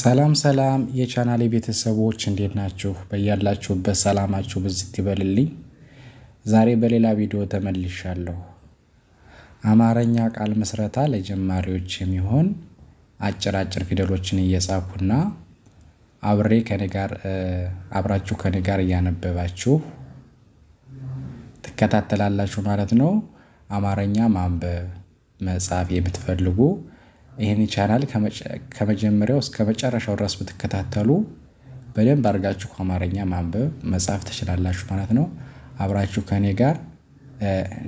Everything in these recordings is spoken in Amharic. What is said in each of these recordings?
ሰላም ሰላም የቻናሌ ቤተሰቦች እንዴት ናችሁ? በያላችሁበት ሰላማችሁ ብዝት ይበልልኝ። ዛሬ በሌላ ቪዲዮ ተመልሻለሁ። አማርኛ ቃል ምስረታ ለጀማሪዎች የሚሆን አጭር አጭር ፊደሎችን እየጻፉና አብሬ ከኔ ጋር አብራችሁ ከኔ ጋር እያነበባችሁ ትከታተላላችሁ ማለት ነው። አማርኛ ማንበብ መጻፍ የምትፈልጉ ይህን ቻናል ከመጀመሪያው እስከ መጨረሻው ድረስ ብትከታተሉ በደንብ አድርጋችሁ አማርኛ ማንበብ መጻፍ ትችላላችሁ ማለት ነው። አብራችሁ ከኔ ጋር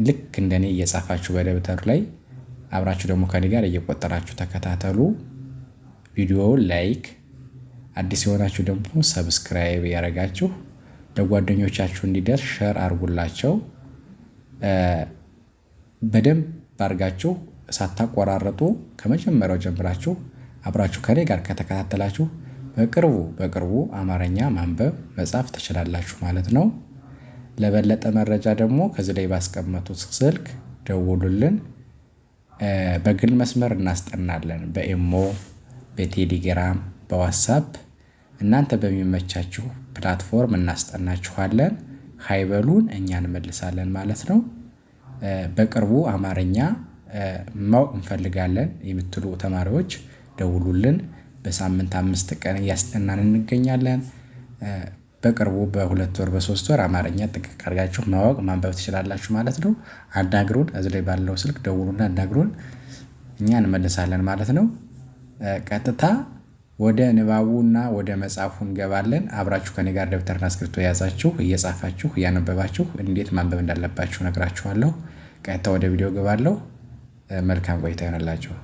ልክ እንደኔ እየጻፋችሁ በደብተሩ ላይ አብራችሁ ደግሞ ከኔ ጋር እየቆጠራችሁ ተከታተሉ። ቪዲዮውን ላይክ፣ አዲስ የሆናችሁ ደግሞ ሰብስክራይብ ያደረጋችሁ ለጓደኞቻችሁ እንዲደርስ ሸር አድርጉላቸው። በደንብ አድርጋችሁ ሳታቆራረጡ ከመጀመሪያው ጀምራችሁ አብራችሁ ከኔ ጋር ከተከታተላችሁ በቅርቡ በቅርቡ አማርኛ ማንበብ መጻፍ ትችላላችሁ ማለት ነው። ለበለጠ መረጃ ደግሞ ከዚህ ላይ ባስቀመጡት ስልክ ደውሉልን። በግል መስመር እናስጠናለን። በኤሞ፣ በቴሌግራም፣ በዋትሳፕ እናንተ በሚመቻችሁ ፕላትፎርም እናስጠናችኋለን። ሀይበሉን እኛ እንመልሳለን ማለት ነው። በቅርቡ አማርኛ ማወቅ እንፈልጋለን የምትሉ ተማሪዎች ደውሉልን በሳምንት አምስት ቀን እያስጠናን እንገኛለን። በቅርቡ በሁለት ወር በሶስት ወር አማርኛ ጥንቅቅ አድርጋችሁ ማወቅ ማንበብ ትችላላችሁ ማለት ነው። አናግሩን እዚ ላይ ባለው ስልክ ደውሉና አናግሩን እኛ እንመልሳለን ማለት ነው። ቀጥታ ወደ ንባቡና ወደ መጽሐፉ እንገባለን። አብራችሁ ከኔ ጋር ደብተርና እስክሪብቶ የያዛችሁ እየጻፋችሁ እያነበባችሁ እንዴት ማንበብ እንዳለባችሁ ነግራችኋለሁ። ቀጥታ ወደ ቪዲዮ ገባለሁ። መልካም ቆይታ ይሆንላችሁ።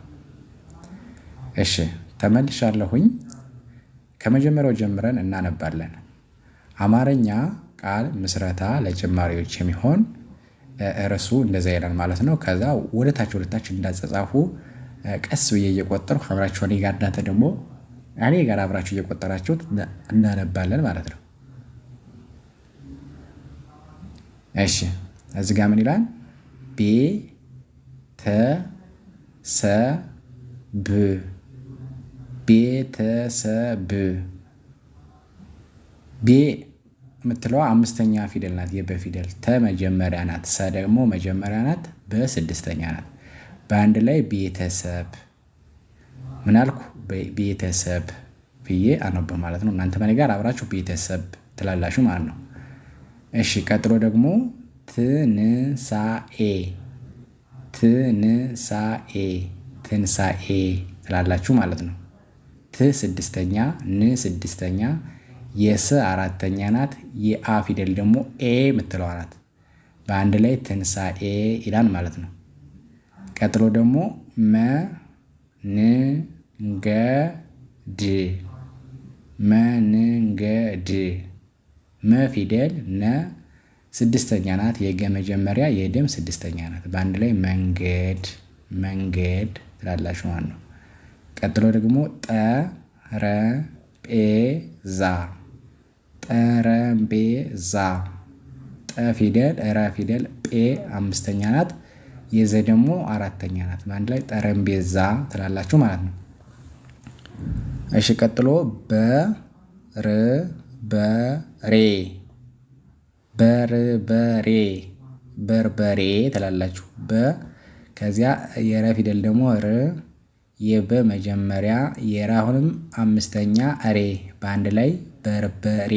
እሺ ተመልሻለሁኝ። ከመጀመሪያው ጀምረን እናነባለን። አማርኛ ቃል ምስረታ ለጀማሪዎች የሚሆን እርሱ እንደዛ ይላል ማለት ነው። ከዛ ወደታች ወደታች እንዳጸጻፉ ቀስ ብዬ እየቆጠሩ አብራችሁ እኔ ጋር እናንተ ደግሞ እኔ ጋር አብራችሁ እየቆጠራችሁት እናነባለን ማለት ነው። እሺ እዚህ ጋ ምን ይላል? ቤ ተሰብ ቤተሰብ ቤ የምትለዋ አምስተኛ ፊደል ናት። የበ ተ መጀመሪያ ናት። ሰ ደግሞ መጀመሪያ ናት። በስድስተኛ ናት። በአንድ ላይ ቤተሰብ ምን ቤተሰብ ብዬ አነብ ማለት ነው። እናንተ መኔ ጋር አብራችሁ ቤተሰብ ትላላችሁ ማለት ነው። እሺ ቀጥሎ ደግሞ ትንሳኤ ትንሳኤ ትንሳኤ ትላላችሁ ማለት ነው። ት ስድስተኛ፣ ን ስድስተኛ፣ የስ አራተኛ ናት። የአ ፊደል ደግሞ ኤ የምትለዋ ናት። በአንድ ላይ ትንሳኤ ይላል ማለት ነው። ቀጥሎ ደግሞ መንገድ መንገድ መ ፊደል ነ ስድስተኛ ናት። የገ መጀመሪያ የደም ስድስተኛ ናት። በአንድ ላይ መንገድ መንገድ ትላላችሁ ማለት ነው። ቀጥሎ ደግሞ ጠረጴዛ ጠረጴዛ ጠ ፊደል ረ ፊደል ጴ አምስተኛ ናት። የዘ ደግሞ አራተኛ ናት። በአንድ ላይ ጠረጴዛ ትላላችሁ ማለት ነው። እሺ ቀጥሎ በርበሬ በርበሬ በርበሬ ትላላችሁ በ ከዚያ የረ ፊደል ደግሞ ር የበ መጀመሪያ የራ አሁንም አምስተኛ ሬ በአንድ ላይ በርበሬ።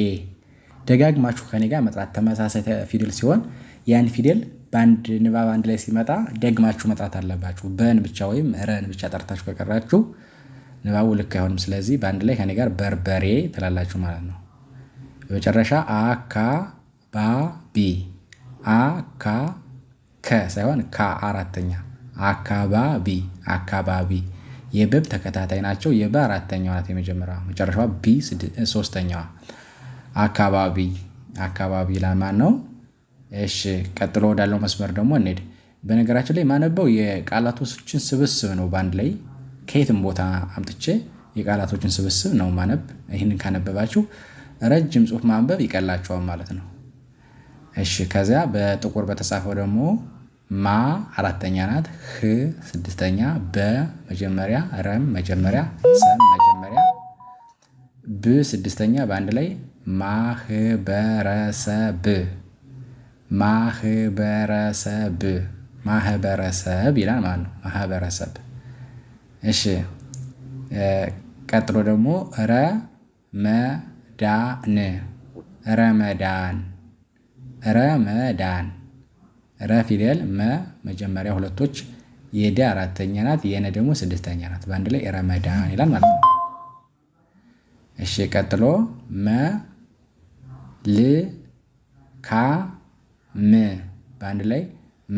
ደጋግማችሁ ከኔ ጋር መጥራት ተመሳሳይ ፊደል ሲሆን ያን ፊደል በአንድ ንባብ አንድ ላይ ሲመጣ ደግማችሁ መጥራት አለባችሁ። በን ብቻ ወይም ረን ብቻ ጠርታችሁ ከቀራችሁ ንባቡ ልክ አይሆንም። ስለዚህ በአንድ ላይ ከኔ ጋር በርበሬ ትላላችሁ ማለት ነው። በመጨረሻ አካ አካባቢ አካ ከ ሳይሆን ካ አራተኛ አካባቢ አካባቢ የበብ ተከታታይ ናቸው። የበ አራተኛዋ ናት የመጀመሪያ መጨረሻ ቢ ሶስተኛዋ አካባቢ አካባቢ ለማን ነው? እሺ ቀጥሎ ወዳለው መስመር ደግሞ እንሄድ። በነገራችን ላይ ማነበው የቃላቶችን ስብስብ ነው። በአንድ ላይ ከየትም ቦታ አምጥቼ የቃላቶችን ስብስብ ነው ማነብ። ይህንን ካነበባችሁ ረጅም ጽሁፍ ማንበብ ይቀላቸዋል ማለት ነው። እሺ ከዚያ በጥቁር በተጻፈው ደግሞ ማ አራተኛ ናት፣ ህ ስድስተኛ፣ በ መጀመሪያ፣ ረም መጀመሪያ፣ ሰም መጀመሪያ፣ ብ ስድስተኛ። በአንድ ላይ ማህበረሰብ ማህበረሰብ ማህበረሰብ ይላል ማለት ነው። ማህበረሰብ። እሺ ቀጥሎ ደግሞ ረመዳን ረመዳን ረመዳን ረ ፊደል መ መጀመሪያ ሁለቶች የደ አራተኛ ናት፣ የነ ደግሞ ስድስተኛ ናት። በአንድ ላይ ረመዳን ይላል ማለት ነው። እሺ ቀጥሎ መ ል ካ ም በአንድ ላይ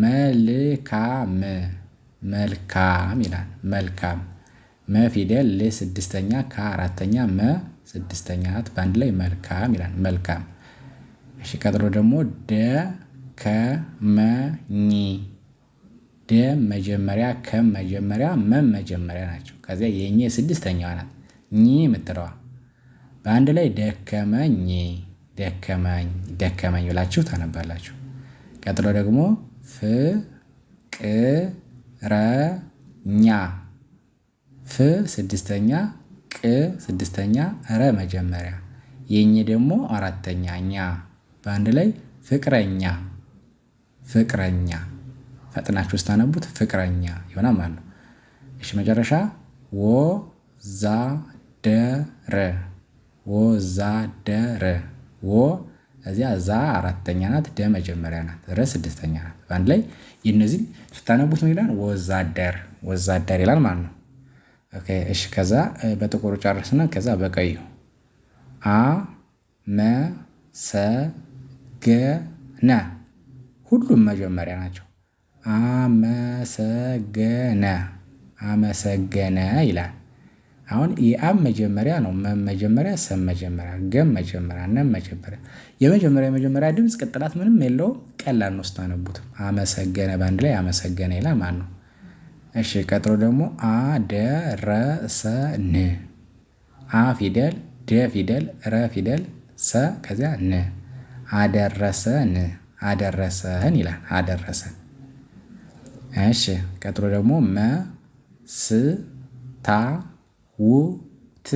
መልካም መልካም ይላል። መልካም መፊደል ል ስድስተኛ፣ ካ አራተኛ፣ መ ስድስተኛ ናት። በአንድ ላይ መልካም ይላል። መልካም እሺ ቀጥሎ ደግሞ ደከመኝ ደ መጀመሪያ ከም መጀመሪያ መም መጀመሪያ ናቸው። ከዚያ የኝ ስድስተኛዋ ናት ኝ የምትለዋ በአንድ ላይ ደከመኝ ደከመኝ ደከመኝ ብላችሁ ታነባላችሁ። ቀጥሎ ደግሞ ፍቅረኛ ፍ ስድስተኛ ቅ ስድስተኛ ረ መጀመሪያ የኝ ደግሞ አራተኛ ኛ በአንድ ላይ ፍቅረኛ ፍቅረኛ ፈጥናችሁ ስታነቡት ፍቅረኛ ይሆናል ማለት ነው። እሺ መጨረሻ ወዛደረ ወዛደረ ወ እዚያ ዛ አራተኛ ናት፣ ደ መጀመሪያ ናት፣ ረ ስድስተኛ ናት። በአንድ ላይ የነዚህ ስታነቡት ነው ይላል ወዛደር ወዛደር ይላል ማለት ነው። ኦኬ እሺ፣ ከዛ በጥቁሩ ጨርስና ከዛ በቀዩ አ መ ሰ ገነ ሁሉም መጀመሪያ ናቸው። አመሰገነ አመሰገነ ይላል። አሁን የአብ መጀመሪያ ነው። መም መጀመሪያ፣ ሰ መጀመሪያ፣ ገ መጀመሪያ፣ ነ መጀመሪያ። የመጀመሪያ የመጀመሪያ ድምፅ ቅጥላት ምንም የለውም። ቀላል ነው ስታነቡትም። አመሰገነ በአንድ ላይ አመሰገነ ይላ ማን ነው። እሺ ቀጥሎ ደግሞ አደረሰን። አ ፊደል፣ ደ ፊደል፣ ረ ፊደል፣ ሰ ከዚያ ን አደረሰን አደረሰን ይላል አደረሰን። እሺ ቀጥሎ ደግሞ መስታውት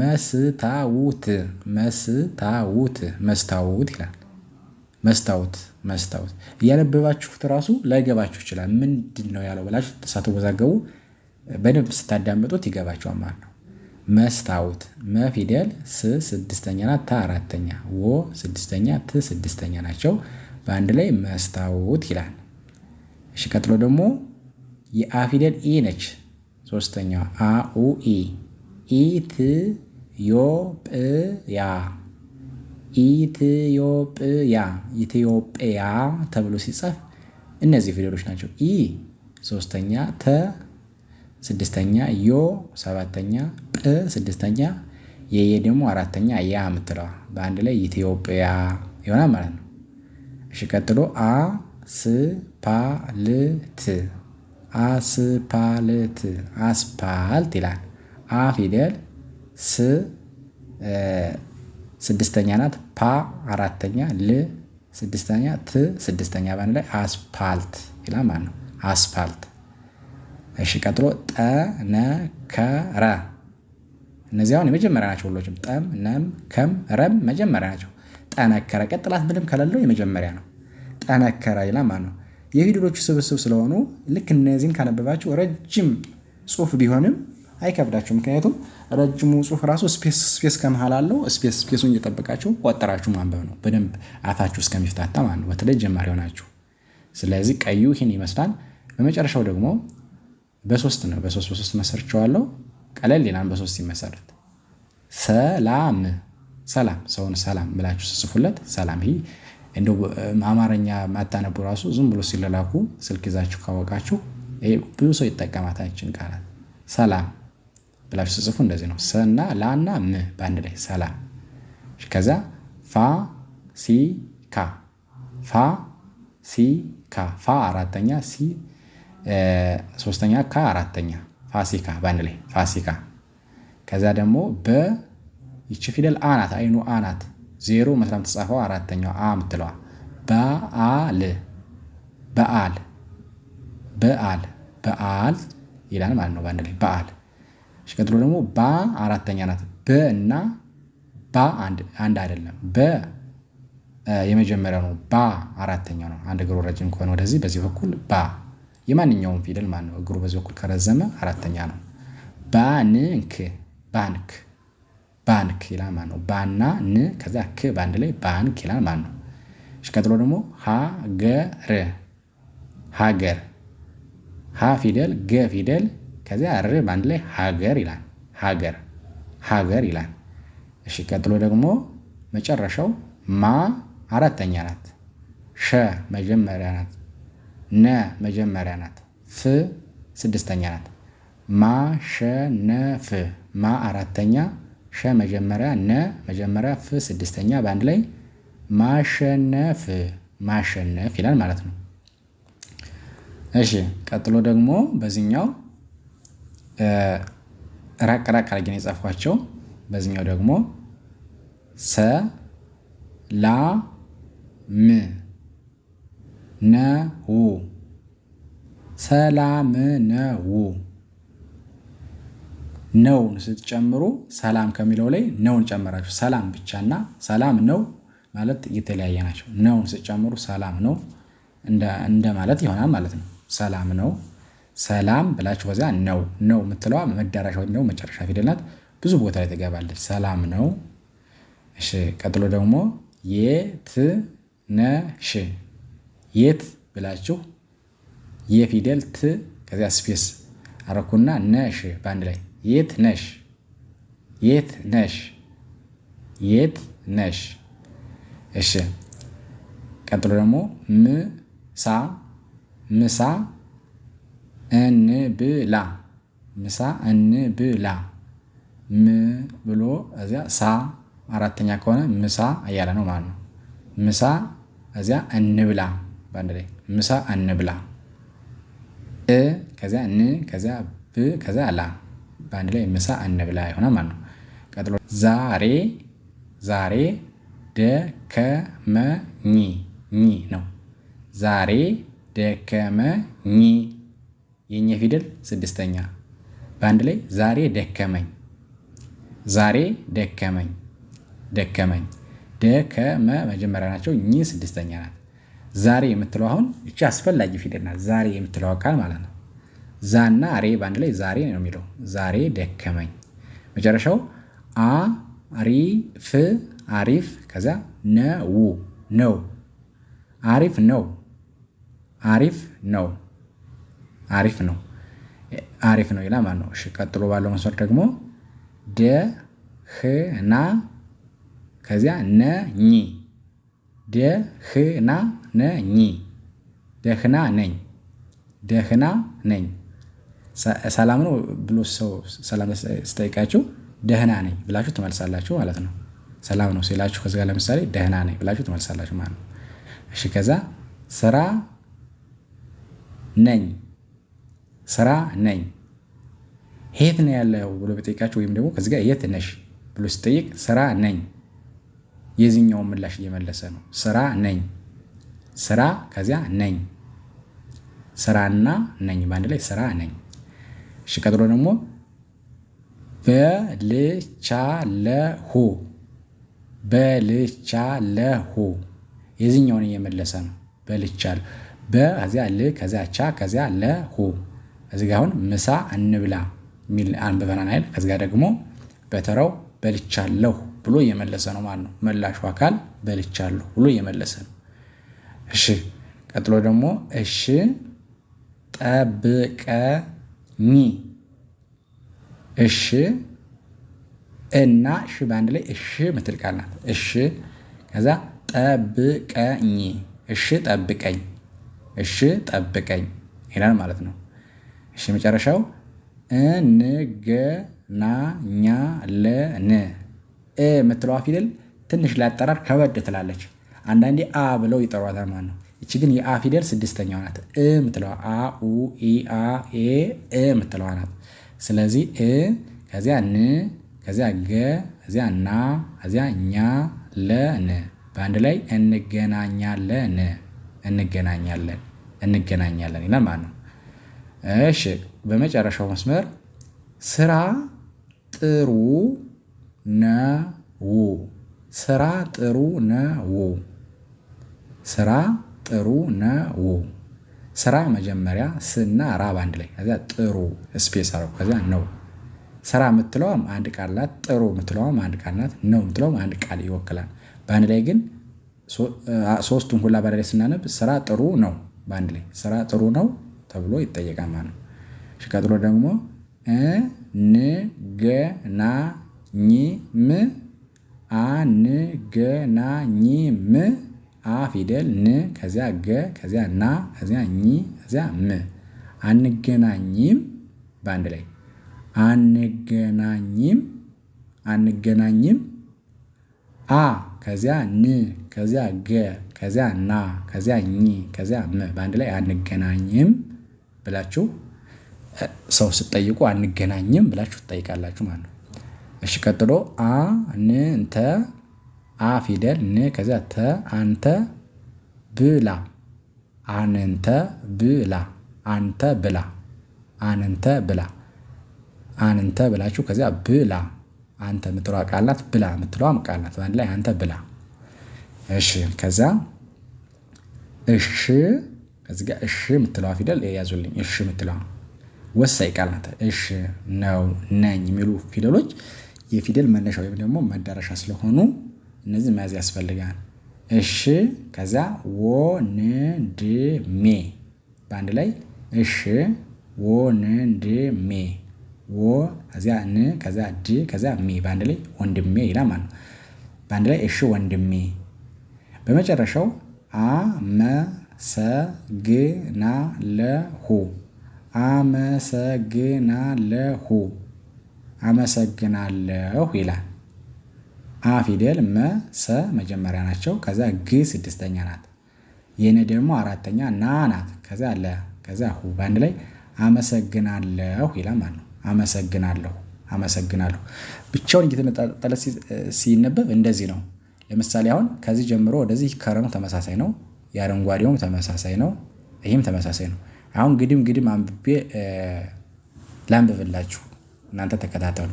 መስታውት መስታውት መስታውት ይላል መስታውት መስታውት እያነበባችሁት ራሱ ላይገባችሁ ይችላል። ምንድን ነው ያለው ብላችሁ ሳትወዛገቡ በደንብ ስታዳምጡት ይገባችኋል ማለት ነው። መስታወት መ ፊደል ስ ስድስተኛ ናት ታ አራተኛ ወ ስድስተኛ ት ስድስተኛ ናቸው። በአንድ ላይ መስታወት ይላል። እሺ ቀጥሎ ደግሞ የአ ፊደል ኢ ነች ሶስተኛዋ አ ኡ ኢ ኢትዮጵያ ኢትዮጵያ ኢትዮጵያ ተብሎ ሲጻፍ እነዚህ ፊደሎች ናቸው። ኢ ሶስተኛ ተ ስድስተኛ ዮ ሰባተኛ ጵ ስድስተኛ የየ ደግሞ አራተኛ ያ የምትለዋ በአንድ ላይ ኢትዮጵያ ይሆናል ማለት ነው። እሺ ቀጥሎ አ ስ ፓ ል ት አስፓልት አስፓልት ይላል። አ ፊደል ስ ስድስተኛ ናት። ፓ አራተኛ፣ ል ስድስተኛ፣ ት ስድስተኛ በአንድ ላይ አስፓልት ይላል ማለት ነው። አስፓልት እሺ ቀጥሎ ጠነከረ። እነዚህ አሁን የመጀመሪያ ናቸው። ሁሎችም ጠም፣ ነም፣ ከም፣ ረም መጀመሪያ ናቸው። ጠነከረ ቀጥላት ምንም ከሌለው የመጀመሪያ ነው። ጠነከረ ይላል ማለት ነው። የፊደሎቹ ስብስብ ስለሆኑ ልክ እነዚህን ካነበባቸው ረጅም ጽሁፍ ቢሆንም አይከብዳችሁ። ምክንያቱም ረጅሙ ጽሁፍ ራሱ ስፔስ ስፔስ ከመሃል አለው። ስፔስ ስፔሱን እየጠበቃችሁ ቆጠራችሁ ማንበብ ነው፣ በደንብ አፋችሁ እስከሚፍታታ ማለት ነው። በተለይ ጀማሪ ሆናችሁ። ስለዚህ ቀዩ ይህን ይመስላል። በመጨረሻው ደግሞ በሶስት ነው። በሶስት በሶስት መሰርቸዋለው። ቀለል ሌላን በሶስት ይመሰረት። ሰላም ሰላም ሰውን ሰላም ብላችሁ ስጽፉለት ሰላም። ይህ እንደ አማርኛ ማታነቡ ራሱ ዝም ብሎ ሲለላኩ ስልክ ይዛችሁ ካወቃችሁ ብዙ ሰው ይጠቀማታችን ቃላት ሰላም ብላችሁ ስጽፉ እንደዚህ ነው። ሰና ላና ም በአንድ ላይ ሰላም። ከዚያ ፋ ሲ ካ ፋ ሲ ካ ፋ አራተኛ ሲ ሶስተኛ ካ አራተኛ ፋሲካ በአንድ ላይ ፋሲካ። ከዛ ደግሞ ይቺ ፊደል አናት አይኑ አናት ዜሮ መስላም ተጻፈው አራተኛው አ ምትለዋ በአል በአል በአል በአል ይላል ማለት ነው። በአንድ ላይ በአል። ሽቀጥሎ ደግሞ ባ አራተኛ ናት። በ እና ባ አንድ አይደለም። በ የመጀመሪያው ነው። ባ አራተኛው ነው። አንድ እግሩ ረጅም ከሆነ ወደዚህ፣ በዚህ በኩል ባ የማንኛውም ፊደል ማን ነው እግሩ በዚህ በኩል ከረዘመ አራተኛ ነው። ባንክ ባንክ ባንክ ይላል ማለት ነው። ባና ን ከዛ ክ በአንድ ላይ ባንክ ይላል ማን ነው። እሺ ቀጥሎ ደግሞ ሀገር ሀገር ሀ ፊደል ገ ፊደል ከዚያ ር በአንድ ላይ ሀገር ይላል ሀገር ሀገር ይላል። እሺ ቀጥሎ ደግሞ መጨረሻው ማ አራተኛ ናት። ሸ መጀመሪያ ናት። ነ መጀመሪያ ናት። ፍ ስድስተኛ ናት። ማ ሸ ነ ፍ ማ አራተኛ፣ ሸ መጀመሪያ፣ ነ መጀመሪያ፣ ፍ ስድስተኛ በአንድ ላይ ማሸነፍ ማሸነፍ ይላል ማለት ነው። እሺ ቀጥሎ ደግሞ በዚህኛው ራቅ ራቅ አድርጌ የጻፍኳቸው። በዚኛው ደግሞ ሰ ላ ም ነው። ሰላም ነው። ነውን ስትጨምሩ ሰላም ከሚለው ላይ ነውን ጨመራችሁ ሰላም ብቻና ሰላም ነው ማለት የተለያየ ናቸው። ነውን ስትጨምሩ ሰላም ነው እንደ ማለት ይሆናል ማለት ነው። ሰላም ነው ሰላም ብላችሁ በዚያ ነው ነው የምትለዋ መዳረሻ ወይም ደግሞ መጨረሻ ፊደላት ብዙ ቦታ ላይ ትገባለች። ሰላም ነው። እሺ ቀጥሎ ደግሞ የት ነሽ የት ብላችሁ የፊደል ት ከዚያ ስፔስ አረኩና ነሽ በአንድ ላይ የት ነሽ፣ የት ነሽ፣ የት ነሽ። እሺ፣ ቀጥሎ ደግሞ ምሳ ምሳ እንብላ፣ ምሳ እንብላ። ም ብሎ እዚያ ሳ አራተኛ ከሆነ ምሳ እያለ ነው ማለት ነው። ምሳ እዚያ እንብላ በአንድ ላይ ምሳ አንብላ እ ከዚያ ን ከዚያ ብ ከዚያ ላ በአንድ ላይ ምሳ አንብላ ይሆናል ማለት ነው። ቀጥሎ ዛሬ ዛሬ ደከመኝ ኝ ነው። ዛሬ ደከመኝ የኛ ፊደል ስድስተኛ በአንድ ላይ ዛሬ ደከመኝ ዛሬ ደከመኝ ደከመኝ ደከመ መጀመሪያ ናቸው። ኝ ስድስተኛ ናት። ዛሬ የምትለው አሁን እቺ አስፈላጊ ፊደል ናት። ዛሬ የምትለው ቃል ማለት ነው። ዛና ሬ በአንድ ላይ ዛሬ ነው የሚለው። ዛሬ ደከመኝ። መጨረሻው አሪፍ አሪፍ፣ ከዛ ነው ነው አሪፍ ነው አሪፍ ነው አሪፍ ነው አሪፍ ነው ይላል ማለት ነው። እሺ ቀጥሎ ባለው መስመር ደግሞ ደህና ከዚያ ነኝ ደህና ነኝ ደህና ነኝ ደህና ነኝ። ሰላም ነው ብሎ ሰው ሰላም ስጠይቃችሁ ደህና ነኝ ብላችሁ ትመልሳላችሁ ማለት ነው። ሰላም ነው ሲላችሁ ከዚ ጋር ለምሳሌ ደህና ነኝ ብላችሁ ትመልሳላችሁ ማለት ነው። እሺ ከዛ ስራ ነኝ ስራ ነኝ። የት ነው ያለው ብሎ በጠይቃችሁ ወይም ደግሞ ከዚ ጋር የት ነሽ ብሎ ሲጠይቅ ስራ ነኝ የዚህኛውን ምላሽ እየመለሰ ነው። ስራ ነኝ ስራ ከዚያ ነኝ ስራና ነኝ በአንድ ላይ ስራ ነኝ። እሺ ቀጥሎ ደግሞ በልቻለሁ በልቻለሁ የዚኛውን እየመለሰ ነው። በልቻለሁ በዚያ ል ከዚያ ቻ ከዚያ ለሁ እዚ ጋ አሁን ምሳ እንብላ ሚል አንብበናን አይል ከዚ ጋ ደግሞ በተራው በልቻለሁ ብሎ እየመለሰ ነው ማለት ነው። መላሹ አካል በልቻለሁ ብሎ እየመለሰ ነው። እሺ ቀጥሎ ደግሞ እሺ ጠብቀኝ እሺ እና እሺ በአንድ ላይ እሺ ምትል ቃል ናት። እሺ ከዛ ጠብቀኝ እሺ ጠብቀኝ እሺ ጠብቀኝ ይላል ማለት ነው። እሺ መጨረሻው እንገናኛለን እ ምትለዋ ፊደል ትንሽ ለአጠራር ከበድ ትላለች። አንዳንዴ አ ብለው ይጠሯታል ማለት ነው። እቺ ግን የአ ፊደል ስድስተኛዋ ናት። እ ምትለዋ አ ኡ ኢ አ ኤ እ ምትለዋ ናት። ስለዚህ እ ከዚያ ን ከዚያ ገ ከዚያ ና ከዚያ ኛ ለን በአንድ ላይ እንገናኛለን እንገናኛለን እንገናኛለን ይላል ማለት ነው። እሺ በመጨረሻው መስመር ስራ ጥሩ ነው። ስራ ጥሩ ነው። ስራ ጥሩ ነው። ስራ መጀመሪያ ስና ራ በአንድ ላይ ከዚያ ጥሩ ስፔስ አረው ከዚያ ነው። ስራ የምትለዋም አንድ ቃል ናት። ጥሩ የምትለዋም አንድ ቃል ናት። ነው የምትለውም አንድ ቃል ይወክላል። በአንድ ላይ ግን ሶስቱን ሁላ በአንድ ላይ ስናነብ ስራ ጥሩ ነው። በአንድ ላይ ስራ ጥሩ ነው ተብሎ ይጠየቃል ማለት ነው። እሺ ቀጥሎ ደግሞ እንገናኝም አንገናኝም አ ፊደል ን ከዚያ ገ ከዚያ ና ከዚያ ኝ ከዚያ ም አንገናኝም በአንድ ላይ አንገናኝም አንገናኝም አ ከዚያ ን ከዚያ ገ ከዚያ ና ከዚያ ኝ ከዚያ ም በአንድ ላይ አንገናኝም ብላችሁ ሰው ስትጠይቁ አንገናኝም ብላችሁ ትጠይቃላችሁ ማለት ነው። እሺ ቀጥሎ አ ን እንተ አ ፊደል ን ከዛ ተ አንተ ብላ አንንተ ብላ አንተ ብላ አንንተ ብላ አንንተ ብላችሁ ከዚያ ብላ አንተ የምትለዋ ቃል ናት። ብላ የምትለዋም ቃል ናት። በአንድ ላይ አንተ ብላ። እሺ ከዛ እሺ ከዚህ ጋር እሺ የምትለዋ ፊደል ያዙልኝ። እሺ የምትለዋ ወሳኝ ቃል ናት። እሺ ነው፣ ነኝ የሚሉ ፊደሎች የፊደል መነሻ ወይም ደግሞ መዳረሻ ስለሆኑ እነዚህ መያዝ ያስፈልጋል። እሺ ከዛ ወንድሜ በአንድ ላይ እሺ ወንድሜ ወ ከዚያ ን ከዚያ ድ ከዚያ ሜ በአንድ ላይ ወንድሜ ይላል ማለት ነው። በአንድ ላይ እሺ ወንድሜ። በመጨረሻው አመሰግናለሁ አመሰግናለሁ አመሰግናለሁ ይላል። አ ፊደል መ ሰ መጀመሪያ ናቸው። ከዛ ግ ስድስተኛ ናት። የነ ደግሞ አራተኛ ና ናት። ከዛ ለ ከዛ ሁ በአንድ ላይ አመሰግናለሁ ይላል ማለት ነው። አመሰግናለሁ አመሰግናለሁ ብቻውን እየተነጣጠለ ሲነበብ እንደዚህ ነው። ለምሳሌ አሁን ከዚህ ጀምሮ ወደዚህ ከረሙ ተመሳሳይ ነው። የአረንጓዴውም ተመሳሳይ ነው። ይህም ተመሳሳይ ነው። አሁን ግድም ግድም አንብቤ ላንብብላችሁ እናንተ ተከታተሉ።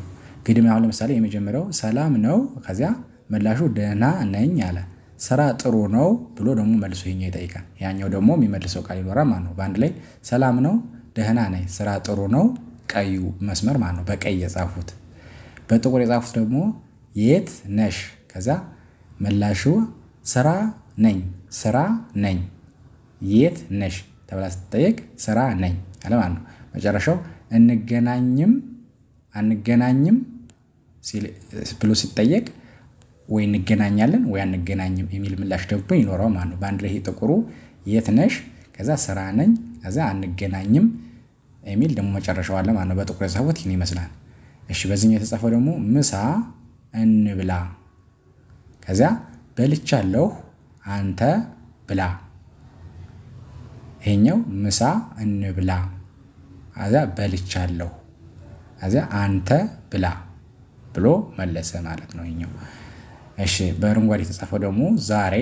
ግድም አሁን ለምሳሌ የመጀመሪያው ሰላም ነው። ከዚያ ምላሹ ደህና ነኝ አለ። ስራ ጥሩ ነው ብሎ ደግሞ መልሶ ይኛ ይጠይቃል። ያኛው ደግሞ የሚመልሰው ቃል ይኖራል ማለት ነው። በአንድ ላይ ሰላም ነው፣ ደህና ነኝ፣ ስራ ጥሩ ነው። ቀዩ መስመር ማለት ነው። በቀይ የጻፉት በጥቁር የጻፉት ደግሞ የት ነሽ? ከዚያ ምላሹ ስራ ነኝ፣ ስራ ነኝ። የት ነሽ ተብላ ስትጠየቅ ስራ ነኝ አለ ማለት ነው። መጨረሻው እንገናኝም አንገናኝም ብሎ ሲጠየቅ ወይ እንገናኛለን ወይ አንገናኝም የሚል ምላሽ ደግሞ ይኖረው ማለት ነው። በአንድ ላይ ጥቁሩ የት ነሽ? ከዛ ስራ ነኝ ከዛ አንገናኝም የሚል ደግሞ መጨረሻው አለ ማለት ነው። በጥቁር የተጻፉት ይህን ይመስላል። እሺ በዚህኛው የተጻፈው ደግሞ ምሳ እንብላ ከዚያ በልቻለሁ አንተ ብላ። ይሄኛው ምሳ እንብላ ከዚያ በልቻለሁ ከዚያ አንተ ብላ ብሎ መለሰ ማለት ነው ይኛው። እሺ በአረንጓዴ የተጻፈው ደግሞ ዛሬ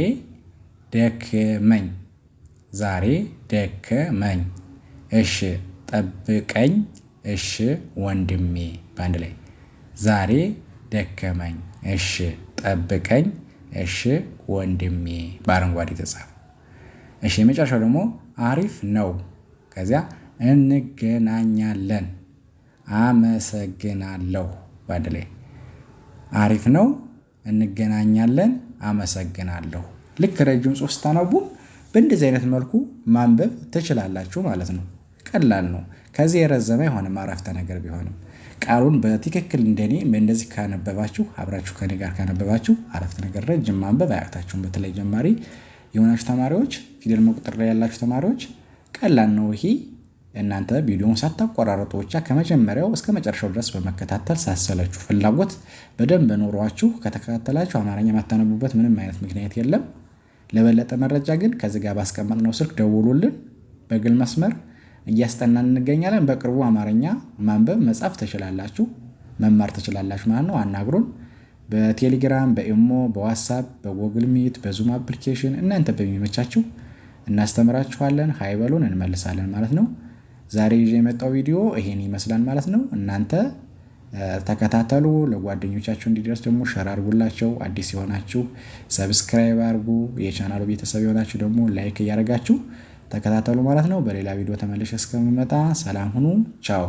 ደክመኝ፣ ዛሬ ደክመኝ፣ እሺ ጠብቀኝ፣ እሺ ወንድሜ። በአንድ ላይ ዛሬ ደከመኝ፣ እሺ ጠብቀኝ፣ እሺ ወንድሜ። በአረንጓዴ የተጻፈ እሺ። የመጨረሻው ደግሞ አሪፍ ነው። ከዚያ እንገናኛለን አመሰግናለሁ በአንድ ላይ አሪፍ ነው። እንገናኛለን አመሰግናለሁ ልክ ረጅም ጽሁፍ ስታነቡ በእንደዚህ አይነት መልኩ ማንበብ ትችላላችሁ ማለት ነው። ቀላል ነው። ከዚህ የረዘመ አይሆንም አረፍተ ነገር ቢሆንም ቃሉን በትክክል እንደኔ እንደዚህ ካነበባችሁ አብራችሁ ከኔ ጋር ካነበባችሁ አረፍተ ነገር ረጅም ማንበብ አያቅታችሁም። በተለይ ጀማሪ የሆናችሁ ተማሪዎች፣ ፊደል መቁጠር ላይ ያላችሁ ተማሪዎች ቀላል ነው ይሄ እናንተ ቪዲዮውን ሳታቆራረጡ ብቻ ከመጀመሪያው እስከ መጨረሻው ድረስ በመከታተል ሳሰለችሁ ፍላጎት በደንብ ኖሯችሁ ከተከታተላችሁ አማርኛ የማታነቡበት ምንም አይነት ምክንያት የለም። ለበለጠ መረጃ ግን ከዚህ ጋር ባስቀመጥነው ስልክ ደውሉልን። በግል መስመር እያስጠናን እንገኛለን። በቅርቡ አማርኛ ማንበብ መጻፍ ትችላላችሁ፣ መማር ትችላላችሁ ማለት ነው። አናግሩን። በቴሌግራም፣ በኢሞ፣ በዋትሳፕ፣ በጎግል ሚት፣ በዙም አፕሊኬሽን እናንተ በሚመቻችሁ እናስተምራችኋለን። ሀይበሉን እንመልሳለን ማለት ነው። ዛሬ ይዤ የመጣው ቪዲዮ ይሄን ይመስላል ማለት ነው። እናንተ ተከታተሉ። ለጓደኞቻችሁ እንዲደርስ ደግሞ ሸር አድርጉላቸው። አዲስ የሆናችሁ ሰብስክራይብ አድርጉ። የቻናሉ ቤተሰብ የሆናችሁ ደግሞ ላይክ እያደረጋችሁ ተከታተሉ ማለት ነው። በሌላ ቪዲዮ ተመልሼ እስከምመጣ ሰላም ሁኑ። ቻው